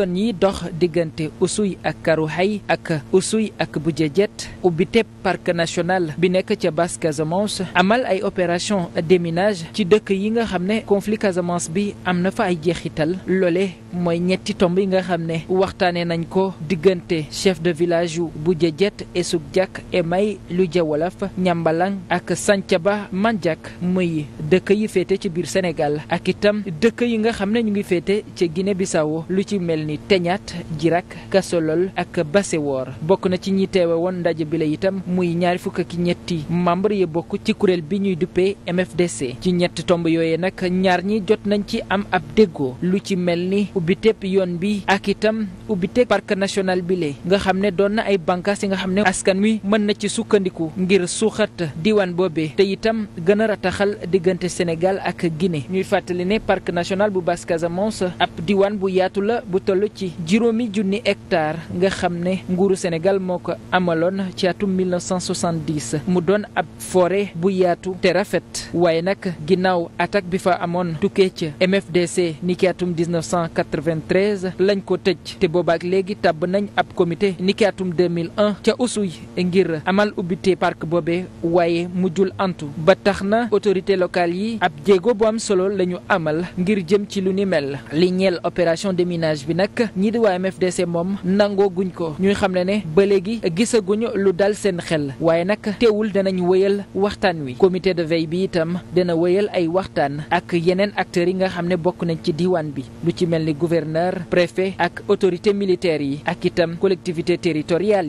yoon yi dox diggante Oussouye ak Karouaye ak Oussouye ak Bouddiédiète ubbi tepp parc national bi nekk ca Basse Casamance amal ay déminage ci dëkk yi nga xam ne conflit Casamance bi am na fa ay jeexital loole mooy ñetti tomb yi nga xam ne waxtaanee nañ ko diggante chef de village yu Bouddiédiète Essouk Diak Emay lu jawolaf Ñambalang ak Santhiaba Mandiak muy dëkk yi féete ci biir Sénégal ak itam dëkk yi nga xam ne ñu ngi féete ca Guinée Bissau lu ci mel ni teñaat jirak kasolol ak basewoor bokk na ci ñi teewe woon ndaje bi la itam muy ñaari fukk ak ñetti membre yi bokk ci kuréel bi ñuy duppee MFDC ci ñetti tomb yooyee nag ñaar ñi jot nañ ci am ab déggoo lu ci mel ni ubbi tepp yoon bi ak itam ubbi tepp parc national bi le nga xam ne doon na ay bànkaas yi nga xam ne askan wi mën na ci sukkandiku ngir suuxat diwaan boobe te itam gën a rataxal diggante Sénégal ak Guinée ñuy fàttali ne parc national bu Basse toll ci juróomi junni hectare nga xam ne nguuru Sénégal moo ko amaloon ci atum 1970 mu doon ab forêt bu yaatu te rafet waaye nag ginnaaw attaque bi fa amoon tukkee ca MFDC ni ki atum 1993 lañ ko tëj te boobaak léegi tàbb nañ ab comité nikaatum ki atum 2001 ca usuy ngir amal ubbite parc boobe waaye mu jul antu ba tax na autorité locale yi ab jéego bu am solo lañu amal ngir jëm ci lu ni mel li ñeel opération déminage bi nag ñii di waa MFDC moom nangoo guñ ko ñuy xam ne ne ba léegi gisaguñu lu dal seen xel waaye nag teewul danañ wéyal waxtaan wi comité de veille bi itam dina wéyal ay waxtaan ak yeneen acteurs yi nga xam ne bokk nañ ci diwaan bi lu ci mel ni gouverneur préfet ak autorité militaire yi ak itam collectivité territoriale yi